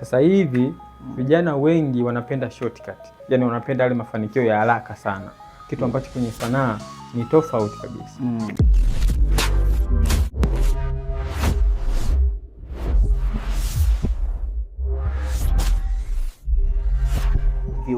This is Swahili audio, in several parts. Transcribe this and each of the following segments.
Sasa hivi vijana wengi wanapenda shortcut, yaani wanapenda yale mafanikio ya haraka sana, kitu ambacho kwenye sanaa ni tofauti kabisa mm.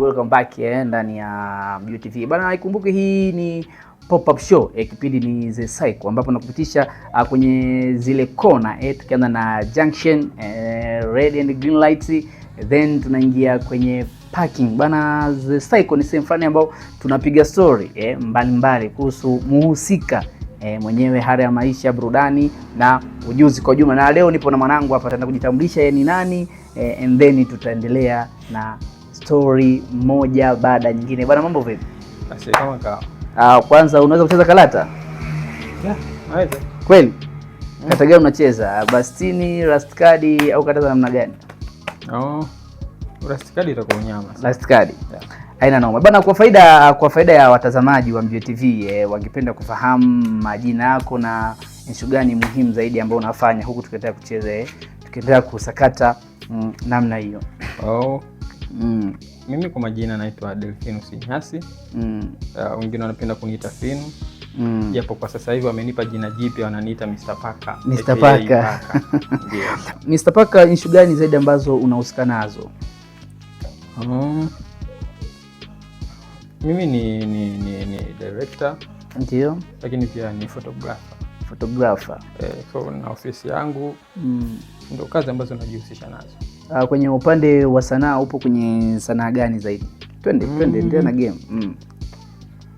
Welcome back eh, ndani ya MJU TV bana, ikumbuke hii ni pop-up show eh, kipindi ni The Cycle ambapo nakupitisha uh, kwenye zile kona eh, tukianza na junction eh, red and green light then tunaingia kwenye parking bana. The Cycle ni sehemu fulani ambao tunapiga story eh, mbalimbali kuhusu muhusika E, mwenyewe hali ya maisha, burudani na ujuzi kwa ujumla. Na leo nipo na mwanangu hapa, ataenda kujitambulisha yeye ni nani e, and then tutaendelea na story moja baada nyingine. Bana, mambo vipi? Kama kawa Ah, kwanza unaweza kucheza kalata? Yeah, Kweli? Mm. Kata gani unacheza? Bastini, Rastkadi au kata za namna gani? Oh. card itakuwa nyama. card. Yeah. Haina noma. Bana, kwa faida kwa faida ya watazamaji wa Mbio TV eh, wangependa kufahamu majina yako na issue gani muhimu zaidi ambayo unafanya huku tukiendelea kucheza eh, tukiendelea kusakata mm, namna hiyo. Oh. Mm. Mimi kwa majina naitwa Delfinus Nyasi, mm. uh, wengine mm. wanapenda kuniita Finu mm. japo mm. kwa sasa hivi wamenipa jina jipya, wananiita Mr. Paka. Mr. Paka. Mr. Paka, issue gani zaidi ambazo unahusika nazo? Um, mimi ni, ni, ni, ni director ndio, lakini pia ni photographer photographer. Eh, so na ofisi yangu mm. ndo kazi ambazo najihusisha nazo. Uh, kwenye upande wa sanaa upo kwenye sanaa gani zaidi? Twende twende mm. na game mm.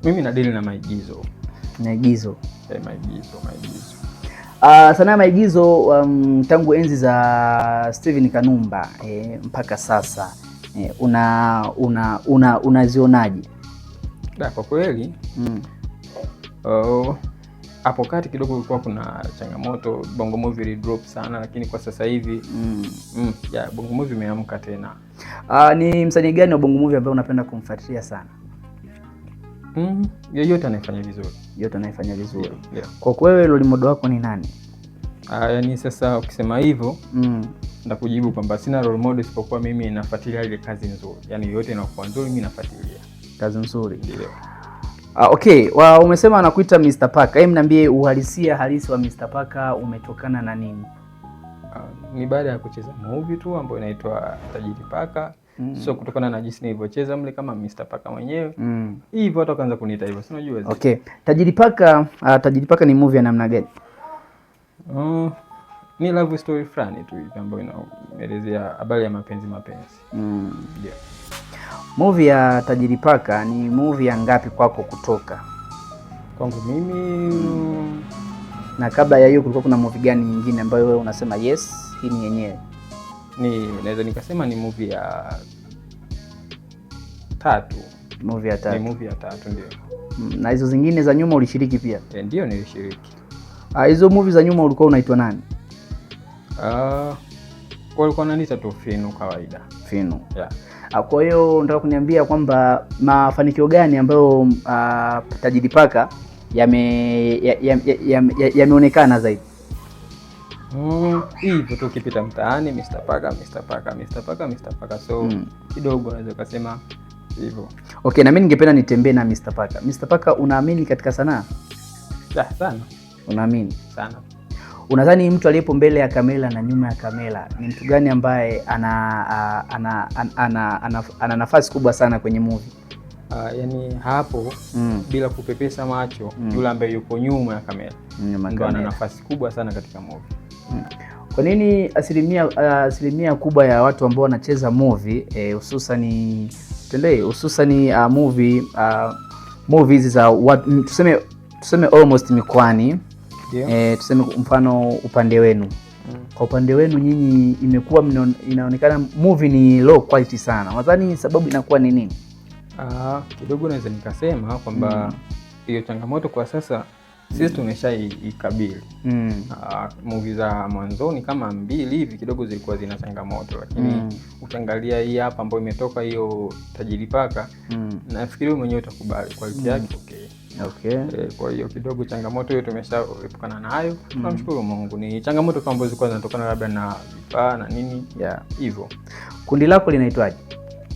Mimi nadili na maigizo. Maigizo. Hey, eh, maigizo, maigizo. Uh, sanaa ya maigizo um, tangu enzi za Steven Kanumba eh, mpaka sasa eh, una unazionaje? Una, kwa kweli mm. oh hapo kati kidogo kulikuwa kuna changamoto, Bongo Movie ilidrop sana, lakini kwa sasa hivi mm. mm, yeah, Bongo Movie imeamka tena. Uh, ni msanii gani wa Bongo Movie ambaye unapenda kumfuatilia sana? Mm, yeyote anayefanya vizuri, yoyote anayefanya vizuri yeah. Kwa wewe role model wako ni nani? Uh, yani sasa ukisema hivyo mm. ndakujibu kwamba sina role model isipokuwa mimi nafuatilia ile kazi nzuri, yani yoyote inakuwa nzuri, mimi nafuatilia kazi nzuri, ndio Uh, okay, wa, umesema anakuita Mr. Paka. Hebu niambie uhalisia halisi wa Mr. Paka umetokana na nini? Uh, ni baada ya kucheza movie tu ambayo inaitwa Tajiri Paka. Mm. So kutokana na jinsi nilivyocheza mle kama Mr. Paka mwenyewe. Mm. Hivyo watu wakaanza kuniita hivyo. Si unajua Okay. Tajiri Paka, uh, Tajiri Paka ni movie ya namna gani? Uh, ni love story fulani tu hivi ambayo inaelezea habari ya mapenzi mapenzi. Mm. Yeah. Movie ya Tajiri Paka ni movie ya ngapi kwako kutoka? Kwangu mimi Na kabla ya hiyo kulikuwa kuna movie gani nyingine ambayo wewe unasema yes, hii ni yenyewe? Ni naweza nikasema ni movie ya tatu. Movie ya tatu. Ni movie ya tatu ndio. Mm, na hizo zingine za nyuma ulishiriki pia? E, ndio nilishiriki. Ah, hizo movie za nyuma ulikuwa unaitwa nani? Ah, walikuwa wananiita tu Finu kawaida. Finu. Yeah. Ah, kwa hiyo nataka kuniambia kwamba mafanikio gani ambayo uh, Tajiri Paka yameonekana ya, ya, ya, ya zaidi mm, hivyo tu ukipita mtaani Mr. Paka Mr. Paka Mr. Paka Mr. Paka so mm. kidogo naweza ukasema hivyo. Okay, na mimi ningependa nitembee na Mr. Paka. Mr. Paka, unaamini katika sanaa? Ah, sana. Unaamini? Sana. Unadhani mtu aliyepo mbele ya kamera na nyuma ya kamera ni mtu gani ambaye ana, ana, ana, ana, ana, ana nafasi kubwa sana kwenye movie? Uh, yani hapo mm. bila kupepesa macho mm. yule ambaye yuko nyuma ya kamera ndio ana nafasi kubwa sana katika movie mm. Kwa nini asilimia uh, asilimia kubwa ya watu ambao wanacheza movie hususani eh, hususani uh, movie uh, movies za tuseme tuseme almost mikoani yeah. E, tuseme mfano upande wenu mm. Kwa upande wenu nyinyi imekuwa inaonekana movie ni low quality sana, nadhani sababu inakuwa ni nini? Ah, kidogo naweza nikasema kwamba mm. hiyo mm. changamoto kwa sasa sisi tumeshaikabili mm. Muvi mm. ah, za mwanzoni kama mbili hivi kidogo zilikuwa zina changamoto, lakini mm. ukiangalia hii hapa ambayo imetoka hiyo tajiri paka mm. nafikiri mwenyewe utakubali kwaliti mm. yake mm. okay. Okay. E, kwa hiyo kidogo changamoto hiyo tumeshaepukana nayo, mm. tunamshukuru Mungu. Ni changamoto kama ambazo zinatokana labda na vifaa na nini hivyo. Yeah. Kundi lako linaitwaje?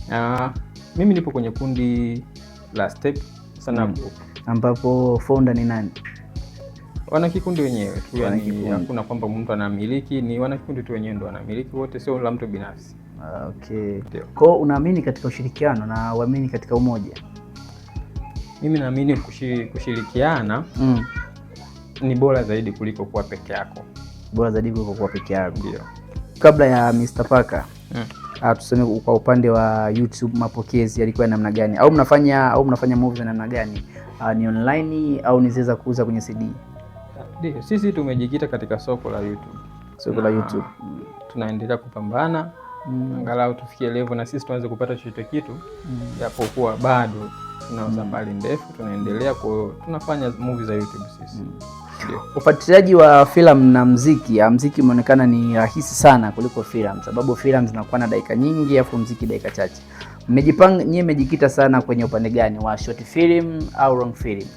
Uh, mimi nipo kwenye kundi la Step Sana mm. Group ambapo founder ni nani? Wanakikundi wenyewe tu, yani hakuna kwamba mtu anamiliki, ni wanakikundi tu wenyewe ndo wanamiliki wote, sio la mtu binafsi. Okay. Kwa unaamini katika ushirikiano na uamini katika umoja mimi naamini kushirikiana mm. ni bora zaidi kuliko kuwa peke yako, bora zaidi kuliko kuwa peke yako. Ndio. Kabla ya Mr. Parker mm. Ah, tuseme kwa upande wa YouTube mapokezi yalikuwa namna gani, au mnafanya au mnafanya movies za namna gani? Uh, ni online au niziweza kuuza kwenye CD? Ndio, sisi tumejikita katika soko la YouTube, soko la YouTube tunaendelea kupambana mm. angalau tufikie level na sisi tuanze kupata chochote kitu, mm. japokuwa mm. bado tuna mm. safari ndefu tunaendelea, kwa tunafanya movie za YouTube sisi mm. Ufuatiliaji wa filamu na mziki, mziki umeonekana ni rahisi sana kuliko filamu, sababu filamu zinakuwa na dakika nyingi afu mziki dakika chache. Mmejipanga nyie, mmejikita sana kwenye upande gani wa short film au long film?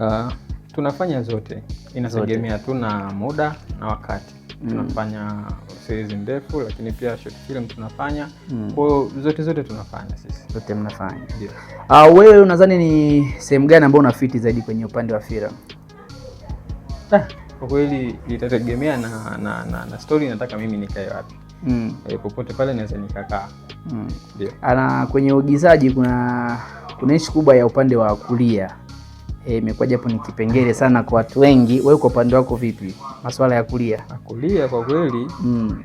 Uh, tunafanya zote, inategemea tu na muda na wakati mm. tunafanya series ndefu, lakini pia short film tunafanya mm. Kwa zote zote tunafanya sisi. Zote mnafanya. Ndio. uh, wewe unadhani ni sehemu gani ambayo unafiti zaidi kwenye upande wa filamu? Ah, kwa kweli itategemea na na, na, na story nataka mimi nikae wapi. Mm. E, popote pale naweza nikakaa. Mm. Ndio. Ana kwenye uigizaji kuna kuna ishi kubwa ya upande wa kulia Eh, imekuwa e, japo ni kipengele sana kwa watu wengi. Wewe kwa upande wako vipi masuala ya kulia? Kulia kwa kweli mm.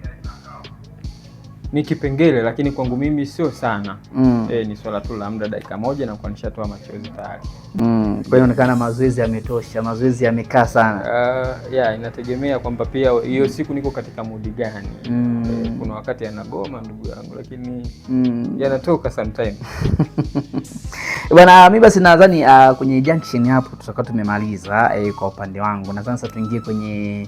ni kipengele, lakini kwangu mimi sio sana mm. E, ni swala tu la muda dakika moja na kuanisha toa machozi tayari. Mm, kwa hiyo inaonekana mazoezi yametosha, mazoezi yamekaa sana. Uh, yeah, inategemea kwamba pia hiyo mm. siku niko katika mudi gani mm. kuna wakati yanagoma ndugu yangu, lakini mm. yanatoka sometime bwana. mi basi nadhani uh, kwenye junction hapo tutakuwa tumemaliza eh, kwa upande wangu nadhani sasa tuingie kwenye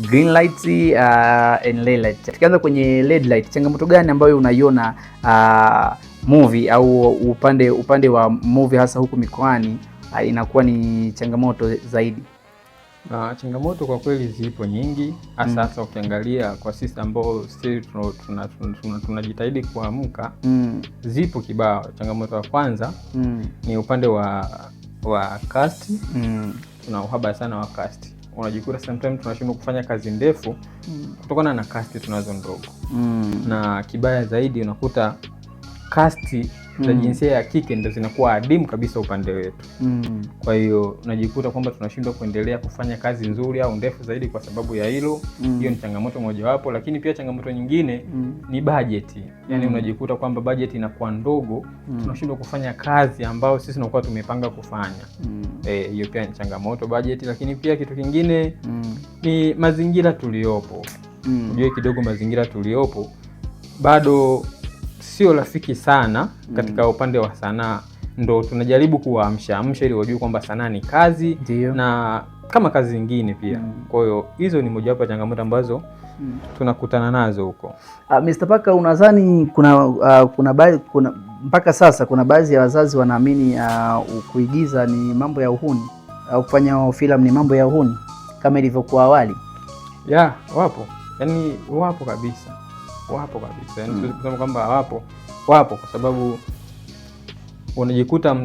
green light uh, and red light. Tukianza kwenye red light, changamoto gani ambayo unaiona uh, movie au upande upande wa movie hasa huku mikoani ah, inakuwa ni changamoto zaidi? Na changamoto kwa kweli zipo nyingi hasa mm. hasa Ukiangalia kwa sisi ambao sisi tunajitahidi kuamka mm. Zipo kibao. Changamoto ya kwanza mm. ni upande wa wa cast mm. Tuna uhaba sana wa cast, unajikuta sometimes tunashindwa kufanya kazi ndefu mm. kutokana na cast tunazo ndogo mm. na kibaya zaidi unakuta kasti za mm. jinsia ya kike ndo zinakuwa adimu kabisa upande wetu mm. Kwa hiyo unajikuta kwamba tunashindwa kuendelea kufanya kazi nzuri au ndefu zaidi kwa sababu ya hilo mm. Hiyo ni changamoto mojawapo, lakini pia changamoto nyingine mm. ni bajeti, yani mm. unajikuta kwamba bajeti inakuwa ndogo mm. tunashindwa kufanya kazi ambayo sisi tunakuwa tumepanga kufanya mm. E, hiyo pia ni changamoto bajeti, lakini pia kitu kingine mm. ni mazingira tuliyopo mm. Ujue kidogo mazingira tuliyopo bado sio rafiki sana katika mm. upande wa sanaa, ndo tunajaribu kuwaamsha amsha ili wajue kwamba sanaa ni kazi Dio. na kama kazi zingine pia mm. kwa hiyo hizo ni mojawapo ya changamoto ambazo mm. tunakutana nazo huko. Uh, ah, Mr. Paka unadhani kuna, uh, kuna, baadhi, kuna mpaka sasa kuna baadhi ya wazazi wanaamini uh, kuigiza ni mambo ya uhuni au uh, kufanya filamu ni mambo ya uhuni kama ilivyokuwa awali? Ya, wapo yani wapo kabisa wapo kabisa, yani mm. siwezi kusema kwamba hawapo, wapo kwa sababu unajikuta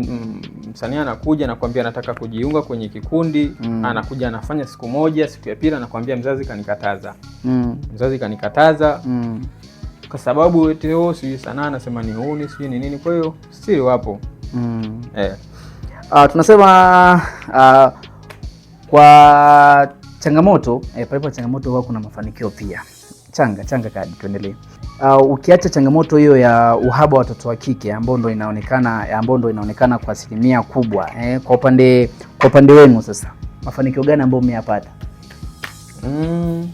msanii anakuja anakuambia anataka kujiunga kwenye kikundi mm. Anakuja anafanya siku moja, siku ya pili anakuambia mzazi kanikataza mm. Mzazi kanikataza mm. Kwa sababu eti oh, sijui sanaa anasema ni uni sijui ni nini, kwa hiyo siri wapo mm. Eh. Uh, tunasema uh, kwa changamoto eh, palipo changamoto huwa kuna mafanikio pia changa changa kadi, tuendelee. Uh, ukiacha changamoto hiyo ya uhaba wa watoto wa kike ambao ndo inaonekana ambao ndo inaonekana kwa asilimia kubwa eh, kwa upande kwa upande wenu sasa mafanikio gani ambayo mmeyapata? Mm,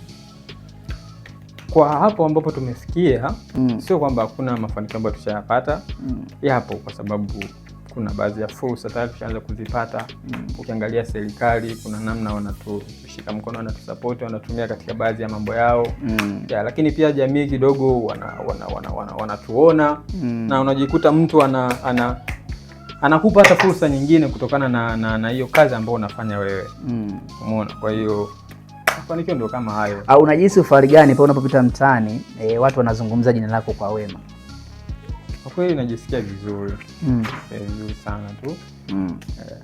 kwa hapo ambapo tumesikia mm. Sio kwamba hakuna mafanikio ambayo tushayapata mm. Yapo kwa sababu kuna baadhi ya fursa tayari tushaanza kuzipata mm, Ukiangalia serikali kuna namna wanatushika mkono, wanatusapoti, wanatumia katika baadhi ya mambo yao mm. ya, lakini pia jamii kidogo wanatuona wana, wana, wana, wana mm. na unajikuta mtu ana, ana anakupa hata fursa nyingine kutokana na na, na hiyo kazi ambayo unafanya wewe mm. Umeona, kwa hiyo mafanikio ndio kama hayo. Unajihisi ufahari gani pale unapopita mtaani e, watu wanazungumza jina lako kwa wema? Kwa kweli najisikia vizuri mm. sana tu mm. yeah.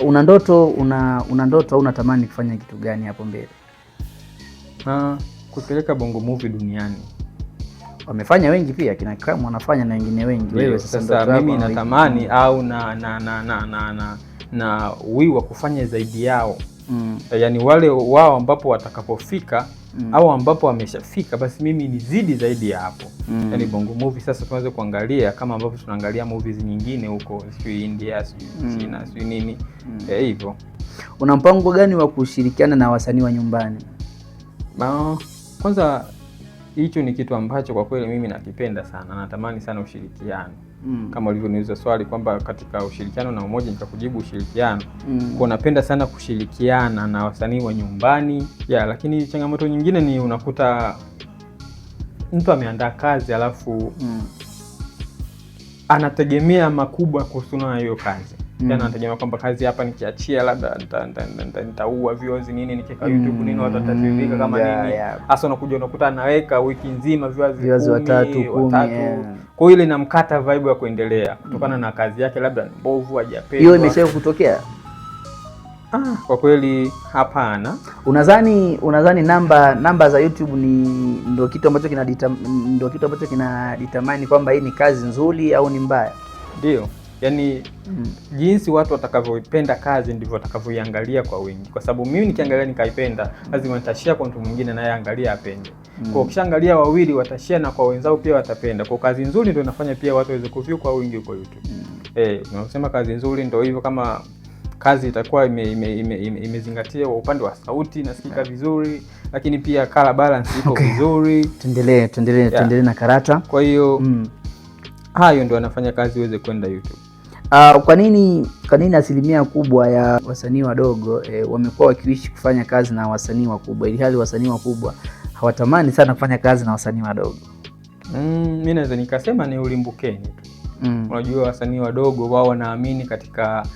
Una ndoto una una ndoto au unatamani kufanya kitu gani hapo mbele? kupeleka Bongo mvi duniani wamefanya wengi pia kina Kramu wanafanya na wengine wengi. Wewe sasa, mimi natamani au na na na na na, na, na wiwa kufanya zaidi yao mm. yaani wale wao ambapo watakapofika mm. au ambapo wameshafika basi mimi nizidi zaidi ya hapo mm. yaani Bongo Movie sasa tunaweza kuangalia kama ambavyo tunaangalia movies nyingine huko sijui India sijui mm. China mm. sijui nini mm. Eh, hivyo eh, una mpango gani wa kushirikiana na wasanii wa nyumbani? Ma, kwanza hicho ni kitu ambacho kwa kweli mimi nakipenda sana, natamani sana ushirikiano mm. kama ulivyoniuliza swali kwamba katika ushirikiano na umoja, nikakujibu ushirikiano mm. kwa napenda sana kushirikiana na wasanii wa nyumbani ya, lakini changamoto nyingine ni unakuta mtu ameandaa kazi alafu mm. anategemea makubwa kuhusiana na hiyo kazi tena mm. kwamba kazi hapa nikiachia labda nitaua viewers nini, nikiweka mm. YouTube nini watu watatirika kama nini hasa. Unakuja unakuta anaweka wiki nzima viewers watatu kumi, kwa hiyo ile inamkata vibe ya kuendelea kutokana mm. na kazi yake labda ni mbovu, hajapewa. Hiyo imeshawahi kutokea? Ah, kwa kweli hapana. Unadhani unadhani namba namba za YouTube ni ndio kitu ambacho kina ndio kitu ambacho kina determine kwamba hii ni kazi nzuri au ni mbaya? Ndio yani mm. jinsi watu watakavyoipenda kazi ndivyo watakavyoiangalia kwa wingi, kwa sababu mimi nikiangalia nikaipenda, lazima nitashia kwa mtu mwingine naye angalia apende. Mm. Kwa ukishaangalia wawili watashia na kwa wenzao pia watapenda. Kwa kazi nzuri ndio inafanya pia watu waweze kuview kwa wingi huko YouTube. Mm. Eh, tunasema kazi nzuri ndio hivyo kama kazi itakuwa imezingatia ime, ime, ime, ime upande wa sauti nasikika yeah, vizuri lakini pia color balance iko okay, vizuri. Tuendelee tuendelee yeah, tuendelee na karata. Kwa hiyo mm, hayo ndio anafanya kazi iweze kwenda YouTube. Uh, kwa nini kwa nini asilimia kubwa ya wasanii wadogo eh, wamekuwa wakiishi kufanya kazi na wasanii wakubwa ili hali wasanii wakubwa hawatamani sana kufanya kazi na wasanii wadogo? Mm, mimi naweza nikasema ni ulimbukeni tu. Mm. Unajua wasanii wadogo wao wanaamini katika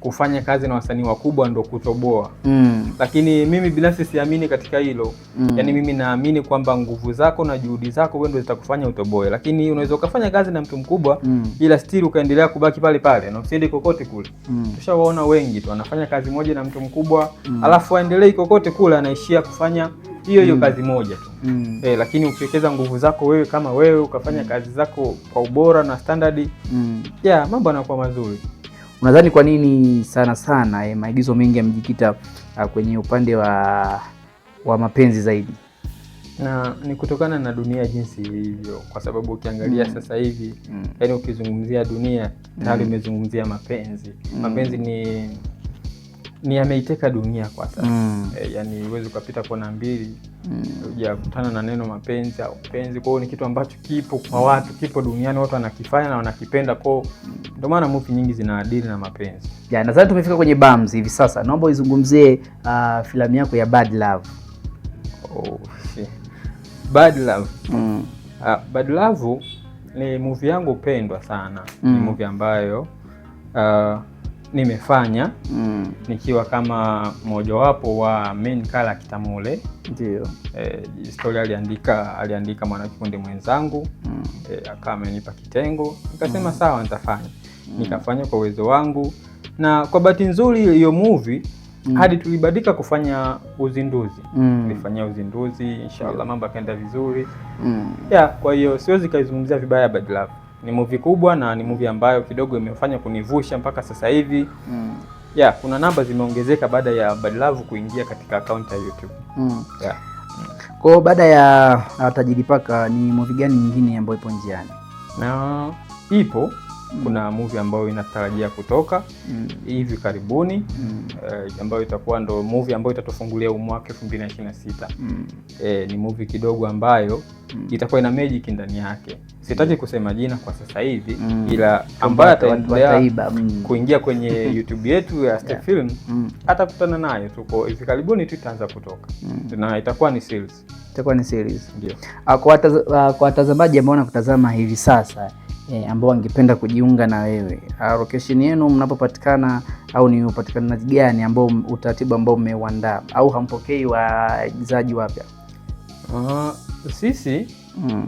kufanya kazi na wasanii wakubwa ndo kutoboa mm. Lakini mimi binafsi siamini katika hilo mm. Yani mimi naamini kwamba nguvu zako na juhudi zako wewe ndo zitakufanya utoboe, lakini unaweza ukafanya kazi na mtu mkubwa mm. ila stili ukaendelea kubaki pale pale na usiende kokote kule mm. Tushawaona wengi tu anafanya kazi moja na mtu mkubwa mm. alafu aendelei kokote kule, anaishia kufanya hiyo hiyo mm. kazi moja tu mm. Eh, lakini ukiwekeza nguvu zako wewe kama wewe ukafanya mm. kazi zako kwa ubora na standardi mm. ya yeah, mambo yanakuwa mazuri. Unadhani kwa nini sana sana eh, maigizo mengi yamejikita uh, kwenye upande wa, wa mapenzi zaidi? na ni kutokana na dunia jinsi ilivyo, kwa sababu ukiangalia mm. sasa hivi mm. yani ukizungumzia dunia tayari mm. umezungumzia mapenzi mm. mapenzi ni ni ameiteka dunia kwa sasa mm. E, yani huwezi ukapita kona mbili mm. ujakutana na neno mapenzi au penzi. Kwa hiyo ni kitu ambacho kipo kwa watu, kipo duniani, watu wanakifanya na wanakipenda. Kwao ndio maana muvi nyingi zinaadili na mapenzi. Yeah, nadhani tumefika kwenye bams hivi sasa. Naomba uizungumzie uh, filamu yako ya Bad Love. Oh, Bad Love mm. uh, Bad Love ni muvi yangu pendwa sana mm. ni muvi ambayo uh, nimefanya mm. nikiwa kama mmojawapo wa main character mule. Ndio eh, historia aliandika aliandika mwanakikundi mwenzangu mm. e, akawa amenipa kitengo nikasema, mm. sawa nitafanya mm. nikafanya kwa uwezo wangu, na kwa bahati nzuri hiyo movie mm. hadi tulibadika kufanya uzinduzi mm. nilifanyia uzinduzi, inshallah mambo yakaenda vizuri mm. ya, kwa hiyo siwezi kaizungumzia vibaya Bad Love ni movie kubwa na ni movie ambayo kidogo imefanya kunivusha mpaka sasa hivi mm. Yeah, kuna namba zimeongezeka baada ya Love kuingia katika akaunti ya YouTube mm. Yeah. Kwa hiyo baada ya Tajiri Paka, ni movie gani nyingine ambayo ipo njiani? na ipo kuna movie ambayo inatarajia kutoka mm. hivi karibuni mm. eh, ambayo itakuwa ndo movie ambayo itatufungulia mwaka 2026 mm. eh, ni movie kidogo ambayo mm. itakuwa ina magic ndani yake. Sitaki mm. kusema jina kwa sasa hivi mm. ila ambayo ataendelea mm. kuingia kwenye YouTube yetu ya Step yeah. Film mm. atakutana nayo, tuko hivi karibuni tu itaanza kutoka mm. na itakuwa ni series itakuwa ni series. Ndio. Ah, ah, kwa watazamaji ambao wanakutazama hivi sasa e, ambao wangependa kujiunga na wewe. Location yenu mnapopatikana au ni upatikanaji gani ambao utaratibu ambao mmeuandaa au hampokei waigizaji wapya? Uh, sisi mm.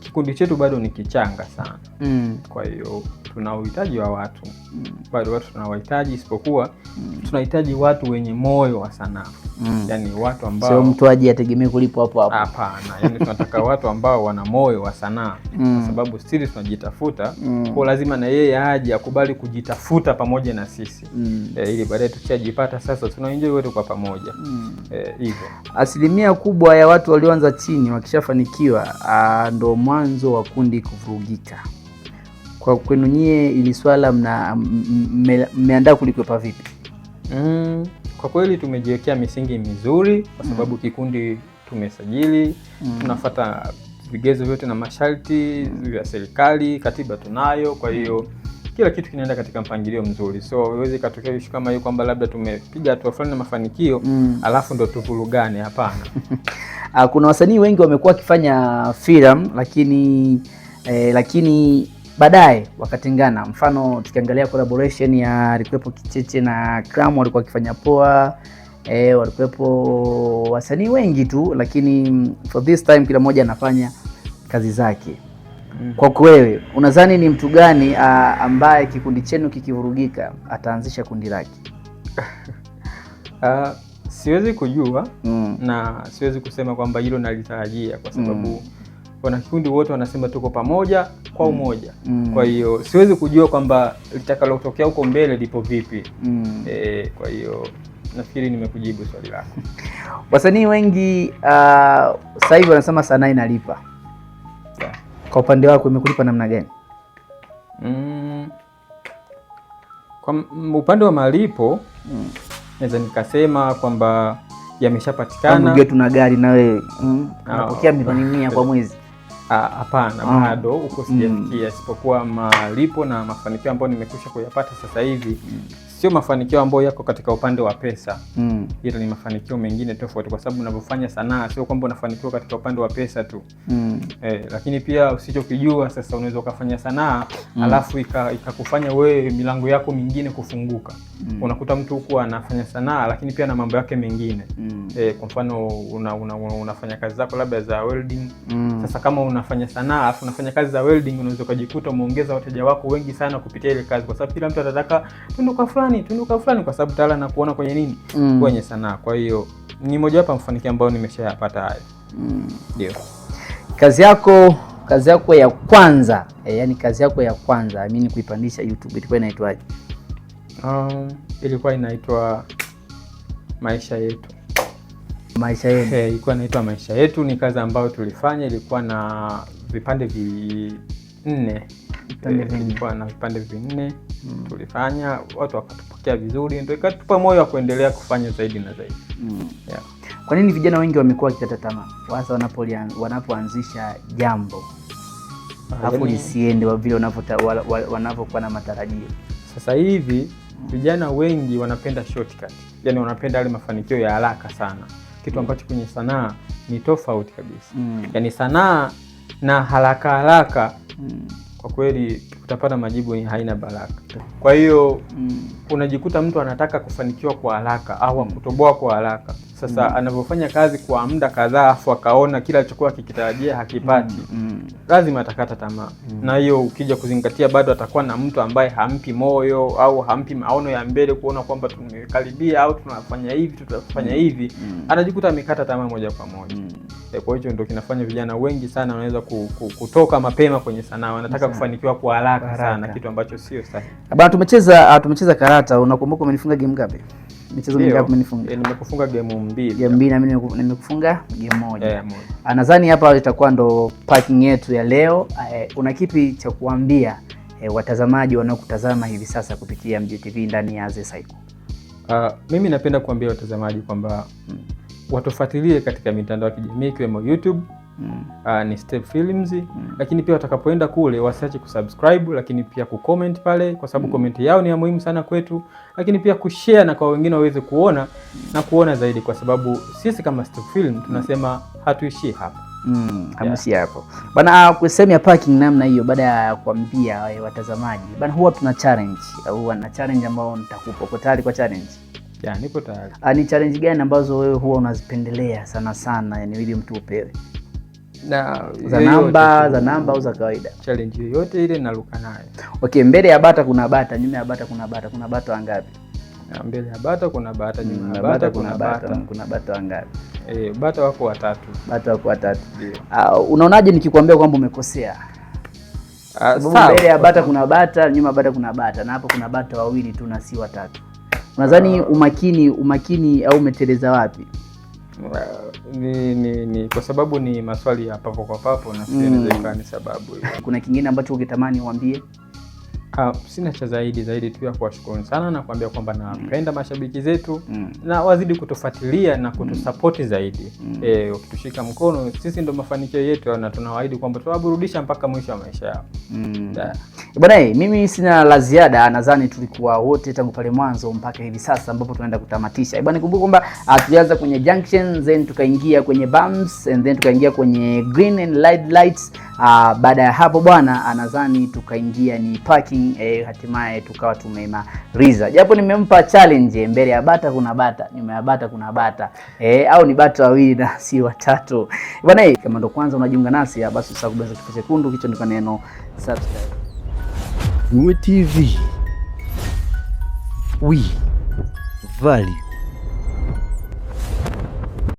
Kikundi chetu bado ni kichanga sana mm. Kwa hiyo tuna uhitaji wa watu mm. bado watu tunawahitaji, isipokuwa mm. tunahitaji watu wenye moyo wa sanaa mm. yani watu ambao sio mtu ategemee kulipo hapo hapo, hapana. Yani tunataka watu ambao wana moyo wa sanaa mm. kwa sababu sisi tunajitafuta mm. kwa lazima na yeye aje akubali kujitafuta pamoja na sisi mm. e, ili baadaye tukishajipata sasa tunaenjoy wetu kwa pamoja mm. e, hivyo asilimia kubwa ya watu walioanza chini wakishafanikiwa ah, ndo mwanzo wa kundi kuvurugika kwa kwenu nyie ili swala mna mmeandaa kulikwepa vipi? Mm, kwa kweli tumejiwekea misingi mizuri kwa mm. sababu mm. kikundi tumesajili mm. tunafata vigezo vyote na masharti mm. vya serikali, katiba tunayo, kwa mm. hiyo mm kila kitu kinaenda katika mpangilio mzuri, so wezi katokea ishu kama hiyo kwamba labda tumepiga hatua fulani na mafanikio mm. alafu ndo tuvurugane. Hapana. Ah, kuna wasanii wengi wamekuwa wakifanya filamu lakini eh, lakini baadaye wakatengana. Mfano tukiangalia collaboration ya alikuwepo Kicheche na Kram walikuwa wakifanya poa e, walikuwepo wasanii wengi tu, lakini for this time kila mmoja anafanya kazi zake. Mm. Kwako unadhani ni mtu gani a, ambaye kikundi chenu kikivurugika ataanzisha kundi lake? Uh, siwezi kujua mm. na siwezi kusema kwamba hilo nalitarajia kwa sababu mm wanakikundi wote wanasema tuko pamoja kwa mm. umoja mm. Kwa hiyo siwezi kujua kwamba litakalotokea huko mbele lipo vipi mm. E, kwa hiyo nafikiri nimekujibu swali lako. Wasanii wengi uh, sasa hivi wanasema sanaa inalipa yeah. Kwa upande wako imekulipa namna gani? mm. Kwa upande wa malipo mm. naweza nikasema kwamba yameshapatikana. Tuna gari nawe mm. Ah, napokea milioni mia kwa mwezi Ah, hapana, ah. bado huko sijafikia, mm. isipokuwa malipo na mafanikio ambayo nimekwisha kuyapata sasa hivi mm sio mafanikio ambayo yako katika upande wa pesa mm. Ila ni mafanikio mengine tofauti, kwa sababu unavyofanya sanaa sio kwamba unafanikiwa katika upande wa pesa tu mm. Eh, lakini pia usichokijua sasa, unaweza ukafanya sanaa mm. alafu ikakufanya ika wewe milango yako mingine kufunguka mm. Unakuta mtu huku anafanya sanaa lakini pia na mambo yake mengine mm. Eh, kwa mfano una, una, una, unafanya kazi zako labda za welding mm. Sasa kama unafanya sanaa alafu unafanya kazi za welding, unaweza ukajikuta umeongeza wateja wako wengi sana kupitia ile kazi, kwa sababu kila mtu anataka tunduka fulani fulani, tunduka fulani, kwa sababu tayari nakuona kwenye nini, mm. kwenye sanaa. Kwa hiyo ni moja ya mafanikio ambayo nimeshayapata hayo. Mm. Ndio mm. kazi yako kazi yako ya kwanza e, yani kazi yako ya kwanza amini kuipandisha YouTube ilikuwa inaitwaje? Um, ilikuwa inaitwa maisha yetu maisha yetu. Hey, eh, ilikuwa inaitwa maisha yetu. Ni kazi ambayo tulifanya, ilikuwa na vipande vinne Eh. na vipande vinne mm. Tulifanya watu wakatupokea vizuri, ndio ikatupa moyo wa kuendelea kufanya zaidi na zaidi mm. yeah. Kwa nini vijana wengi wamekuwa wakikata tamaa hasa wanapoanzisha jambo ah, alafu lisiende vile wanavyokuwa na matarajio? Sasa hivi vijana wengi wanapenda shortcut, yani wanapenda yale mafanikio ya haraka sana, kitu mm. ambacho kwenye sanaa ni tofauti kabisa mm. yani sanaa na haraka haraka mm kwa kweli utapata majibu haina baraka. Kwa hiyo mm. unajikuta mtu anataka kufanikiwa kwa haraka au kutoboa kwa haraka. Sasa mm. anavyofanya kazi kwa muda kadhaa, afu akaona kila alichokuwa akikitarajia hakipati mm. Mm. lazima atakata tamaa mm. na hiyo ukija kuzingatia, bado atakuwa na mtu ambaye hampi moyo au hampi maono ya mbele, kuona kwamba tumekaribia au tunafanya hivi tutafanya mm. hivi mm. anajikuta amekata tamaa moja kwa moja mm. Kwa hiyo ndio kinafanya vijana wengi sana wanaweza kutoka mapema kwenye sanaa, wanataka kufanikiwa kwa haraka sana, kitu ambacho sio sahihi. Bana, tumecheza ah, tumecheza karata. Unakumbuka umenifunga game ngapi? Michezo mingapi umenifunga? Eh, nimekufunga game mbili. Game mbili na mimi nimekufunga game moja. Yeah, eh, nadhani hapa itakuwa ndo parking yetu ya leo. Eh, una kipi cha kuambia watazamaji wanaokutazama hivi sasa kupitia MJTV ndani ya Ze Cycle? Uh, mimi napenda kuambia watazamaji kwamba mm watufuatilie katika mitandao ya kijamii ikiwemo YouTube mm. uh, ni Step Films mm. Lakini pia watakapoenda kule wasiache kusubscribe, lakini pia kucomment pale, kwa sababu mm. yao ni ya muhimu sana kwetu, lakini pia kushare na kwa wengine waweze kuona mm. na kuona zaidi, kwa sababu sisi kama Step Film tunasema hatuishii hapa Mm, hapo yeah. Bana ah, sehemu ya parking namna hiyo, baada ya kuambia eh, watazamaji bana, huwa tuna challenge au na challenge ambao nitakupa. Uko tayari kwa challenge? Ya, nipo tayari. Ah, ni challenge gani ambazo wewe huwa unazipendelea sana sana, yani ili mtu upewe na za namba za namba au za kawaida? Challenge yoyote ile naruka nayo. Okay, mbele ya bata kuna bata, nyuma ya bata kuna bata, kuna bata wangapi? Mbele ya bata kuna bata, nyuma ya mm, bata kuna bata, kuna bata wangapi? Eh, bata wako watatu. Bata wako watatu. Uh, unaonaje nikikwambia kwamba umekosea? Ah, Sababu mbele ya bata kuna bata, nyuma ya bata kuna bata, na hapo kuna bata wawili tu na si watatu. Unadhani ah. umakini umakini au umeteleza wapi? Ah, ni, ni, ni kwa sababu ni maswali ya papo kwa papo, na inaweza mm. ni sababu. Kuna kingine ambacho ungetamani uambie? Ha, ah, sina cha zaidi zaidi tu ya kuwashukuru sana na kuambia kwamba mm. napenda mm. mashabiki zetu mm. na wazidi kutufuatilia na mm. kutusapoti zaidi mm. E, ukitushika mkono sisi ndo mafanikio yetu, na tunawaahidi kwamba tutawaburudisha mpaka mwisho wa maisha yao mm. Bwana, mimi sina la ziada, nadhani tulikuwa wote tangu pale mwanzo mpaka hivi sasa ambapo tunaenda kutamatisha. Bwana, kumbuka kwamba ah, tulianza kwenye junction then tukaingia kwenye bumps and then tukaingia kwenye green and light lights. Ah, baada ya hapo bwana, nadhani tukaingia ni parking eh, hatimaye tukawa tumeimaliza, japo nimempa challenge, mbele ya bata kuna bata, nyuma ya bata kuna bata eh, au ni bata wawili na si watatu bwana. Hii kama ndo kwanza unajiunga nasi, basi usahau kubonyeza kitufe chekundu kilichoandikwa neno subscribe. Ngwe TV, we value